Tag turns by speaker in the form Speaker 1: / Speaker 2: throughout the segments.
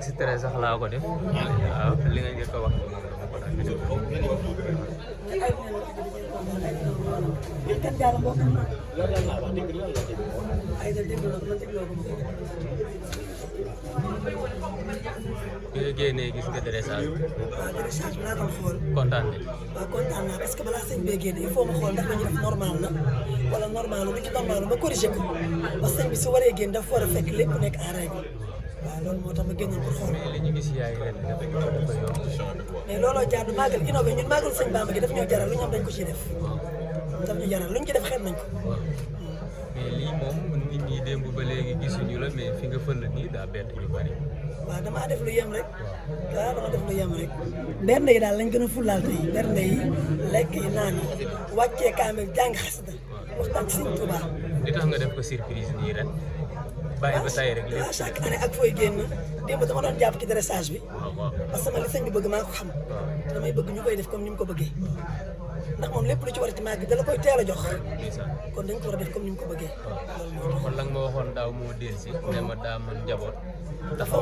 Speaker 1: extrait sax laa ko def li nga njëkk
Speaker 2: nga génnee gis nga dressage bi kontaan nañ waaw kontaan naa parce que balaa sëñ bee génne il faut ma xool ndax ñu def na wala normal lu ci normal ma corrigé ko parce que sëñ bi su waree génn dafa war fekk lépp nekk en règle waa loolu moo tax ma génnoon pour xool. mais li ñu gis yaay ren dafa ñu xaw a bëri woon. mais looloo jaadu màggal innové ñun màggal sëñ Bamba gi daf ñoo jaral lu ñu am dañ ko def. daf ñu jaral lu ñu ci def ñi démb ba léegi gisuñu la mais fi nga fël nii daa bett ñu bari. waaw damaa def lu yem rek waaw dama def lu bernde yi daal lañ gën a fulaal tey bernde yi lekk yi naan yi wàccee kaamil jàng xasida waxtaan ci Sëñ Tuubaa.
Speaker 1: li tax nga def ko surprise nii ren. bàyyi ba tay rek lépp ah,
Speaker 2: chaque année ak fooy génn démb dama doon jàpp ci dressage ah, ko xam ah. damay bëgg ñu koy def comme lu jox kon dañ ko war comme mu ko bëggee loolu kon la nga ma waxoon daaw moo del si ne ma daa man njaboot dafa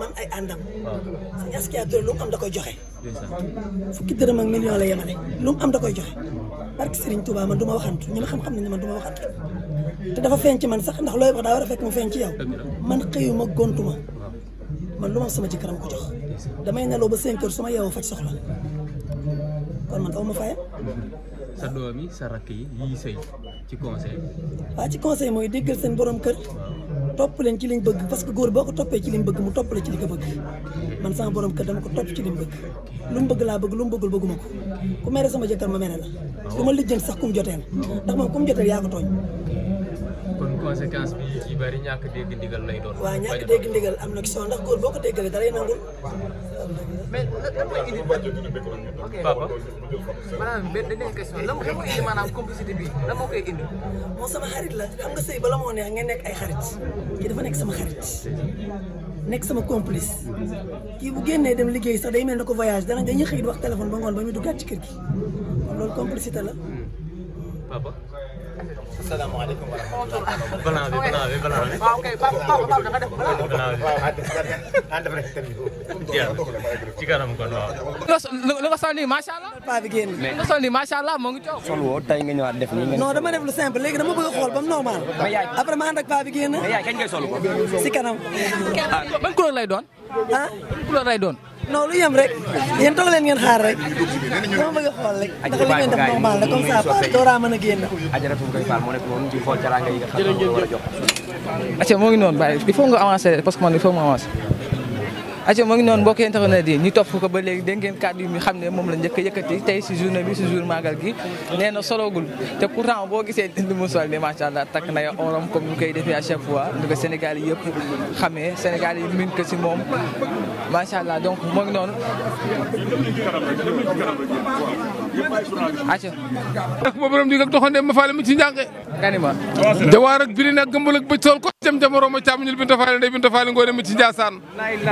Speaker 2: man ay àndam suñu askiateur lu mu am da koy joxe fukki dërëm ak million la yemale lu mu am da koy joxe barke Serigne Touba man du waxantu ñi ma xam-xam ne man du waxantu te dafa feeñ ci man sax ndax looy wax daa war a fekk mu feeñ ci yow man xëyuma gontuma man lu ma sama ci karam ko jox damay neloo ba 5 heures su ma yeewoo faj soxla kon man ma fayam.
Speaker 1: sa doom yi sa rakk yi yi sëy ci conseil.
Speaker 2: ci conseil mooy déggal seen borom kër topp leen ci liñ bëgg parce que góor boo toppee ci liñ mu topp la ci nga bëgg man sama borom kër dama ko topp ci liñ bëgg lu mu bëgg laa bëgg lu ko ku mere sama jëkkër ma mere la. Ah du ma lijjanti sax ku mu joteel ndax moom ku joteel yaa ko tooñ. conséquence bi yi bari ñàkk dégg ndigal lay doon. waaw ñàkk dégg ndigal am na ki soo ndax góor boo ko déggalee da lay nangul. mais lan mooy indi papa maanaam benn dañu question lan moo sama xarit la xam nga sëy bala moo neex nga nekk ay xarit kii dafa nekk sama xarit nekk sama complice kii bu génnee dem liggéey sax day mel ne ko voyage dana dañuy xëy wax téléphone ba ngoon ba muy duggaat ci kër gi loolu complicité la. Hmm.
Speaker 3: salaamaaleykum wa rahmatulah. balaa ci kanam kon
Speaker 2: waaw.
Speaker 1: li nga sol nii macha allah. moo ngi coow. sol
Speaker 2: woo tey nga ñëwaat def nii. non dama def lu simple léegi dama bëgg a xool ba mu normal. après ma ànd ak paa bi génn. mais yaay kañ ngay sol ah, lay doon. ah ban lay doon. non lu yem rek yéen toog leen ngeen xaar rek dama bëgg a xool rek ndax li ngeen def normal na comme ça Pape dooraa mën a génn. ajaratu Ngoye Fall moo noonu di xool caranga yi nga xam war a jox.
Speaker 1: acca moo ngi noonu bàyyi il faut nga avancer parce que man il aco moo ngi noonu mbokk internet yi ñu topp ko ba léegi dégg ngeen kàddu mi xam ne moom la njëkk a yëkkati tey si journée bi si jour màggal gi nee na sologul te pourtant boo gisee li mu sol ni macha takk na oram comme ñu koy defee à chaque fois ñu ko Sénégal yi yëpp xamee Sénégal yi min ko si moom macha allah donc moo ngi noonu acca
Speaker 3: ak ma borom di ak doxande ma faale mi ci njànge ganima jawaar ak birin ak gëmbal ak bëj sol ko jam jamoro ma càmmiñul binta faale ndey binta faale ngoone mi ci njaasaan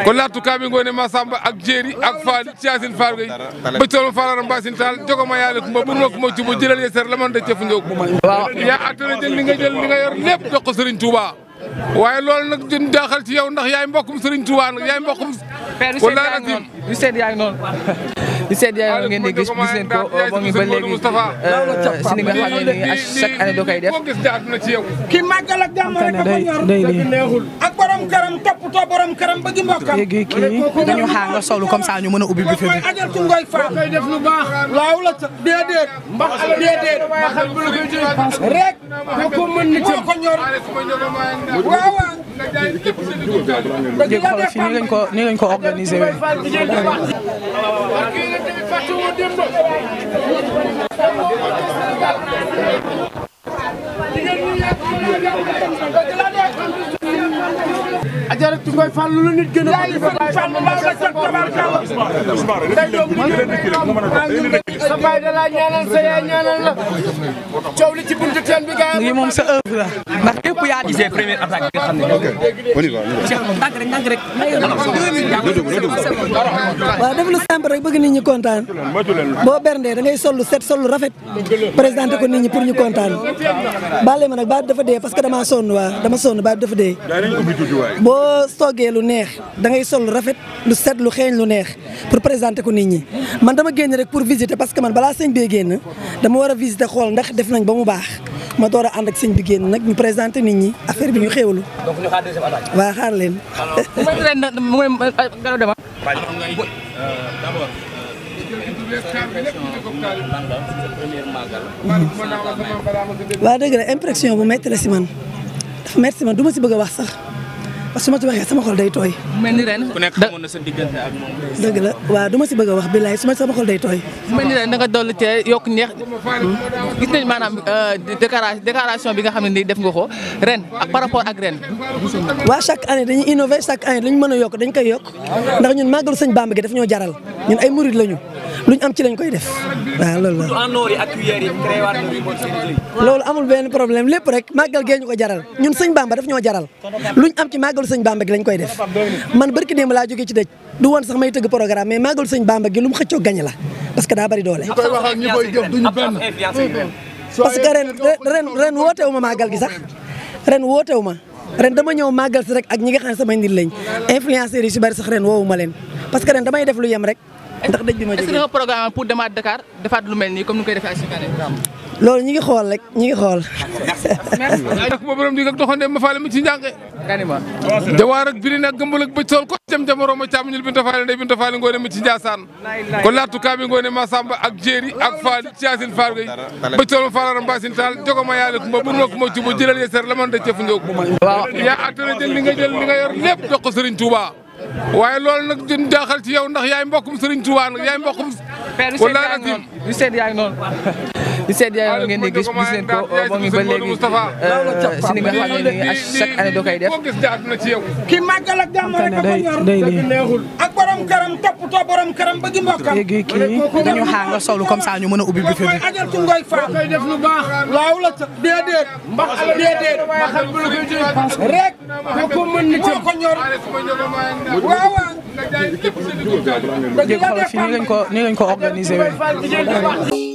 Speaker 3: ko laatu kaami ngoone ma samba ak jéeri ak faal ciyaasin faal gay bëj sol ma faalaram mbaasin taal jogo ma yaale kumba bur ma kumba cuba jëlal yeeser la man da cëfu njóog yaa attana jël li nga jël li nga yor waaye loolu nag dina ci yow ndax yaay mbokkum Serigne Touba nag yaay mbokkum wala asim
Speaker 1: du seet yaa ngi noonu di seet yaay ngeen di gis gis leen ko moo ngi ba léegi euh, si ni a xam ne nii à chaque année doo koy def. kii màggal ak jàmm rek ko
Speaker 3: ñor ak borom këram toppatoo borom këram bëgg mbokkam. léegi kii solu comme ça mën a ubbi bi fi bi. def lu baax laaw la ca déedéet mbax déedéet mën ni ci ko ñor
Speaker 1: waaw dégg xoolal fii nii lañ ko nii lañ ko organisé wee.
Speaker 3: ajaratu ngoy fàllu lu nit gën
Speaker 2: a. sa baay da laa
Speaker 3: ñaanal sa yaay ñaanal la
Speaker 1: coow li yaa gisee première nga xam ne ok on
Speaker 2: def lu simple rek bëgg nit ñi kontaan boo berndee da ngay sol lu set sol lu rafet présenté ko nit ñi pour ñu kontaan baale ma nag baat dafa dee parce que dama sonn waa dama sonn baat dafa dee boo soogee lu neex dangay ngay sol lu rafet lu set lu xeeñ lu neex pour présenté ko nit ñi man dama génn rek pour visiter parce que man balaa sëñ bee génn dama war a visiter xool ndax def nañ ba mu baax ma door a ànd ak sëñ bi génn nag ñu présenté nit ñi affaire bi ñu xéwlu. donc ñu xaar deuxième attaque. waaw xaar leen. waaw dëgg la impression bu métti la si man dafa métti si man du si bëgg a wax sax. parce que su ma ci waxee sama xol day tooy.
Speaker 1: mel ni ren ku nekk xamoon na sa
Speaker 2: waaw du ma si a wax billaay su ma sama tooy. mel ni ren da nga dolli cee yokk neex
Speaker 1: gis euh, bi nga xam ni def nga ko ren ak par rapport ak ren.
Speaker 2: waa chaque année dañuy innover chaque année dañu mën a yokk dañ koy yokk ndax ñun màggalu sëñ Bamba gi daf ñoo jaral ñun ay murid lañu luñ am ci lañ koy def waaw loolu
Speaker 1: la. loolu
Speaker 2: amul benn problème lépp rek màggal gee ñu ko jaral ñun sëñ Bamba daf ñoo jaral luñ am ci màggal màggalu sëñ Bamba gi koy def man barki démb laa jógee ci dëj may tëgg programme mais màggalu sëñ Bamba gi lu mu xëccoo gañe la parce que ren ren ren wootewu ma màggal gi sax ren wootewu ma ren dama ñëw màggal si rek ak ñi nga xam ne samay nit lañ influenceurs yi si bari sax ren woowu ma leen parce que ren damay def lu yem rek ndax
Speaker 1: dëj bi ma jógee. est pour demaat Dakar defaat lu mel nii comme ni koy defee
Speaker 2: loolu ñu ngi xool rek ñu ngi xool.
Speaker 1: merci. ma borom di ak doxande ma faale mu ci njànge.
Speaker 3: ganima. jawaar ak birin ak gëmbal ak bëj sol ko jam jamono ma caamuñul binta faale ndey binta faale ngoone mu ci Njaasaan. ko laatu kaabi ngoone ma Samba ak Jéeri ak Faal ci Yaasin Faal gay bëj sol ma faalaram mbaasin taal jogo ma yaale kumba bur ma kumba ci bu jëlal yeeser la man da cëf njóog. waaw yaa attana jël li nga jël li nga yor lépp jox waaye loolu nag duñ ci yow ndax yaay mbokkum Serigne Touba nag yaay mbokkum. walaay ak
Speaker 1: di seet yaay ngeen di gis gis leen ko moo ngi ba léegi euh, si ni nga xam ne nii à chaque année doo koy def.
Speaker 3: ki màggal ak gàmm rek a ko ñor neexul ak borom këram toppatoo borom këram ba gi mbokkam. léegi kii dañu xaar nga solu comme ça ñu mën a ubbi bi fi bi. koy def lu baax laaw la ca déedéet mbax déedéet rek ko ko mën ni ko ñor waaw waaw.
Speaker 1: jéeg
Speaker 2: xool
Speaker 1: fii nii lañ ko nii lañ ko organisé wee.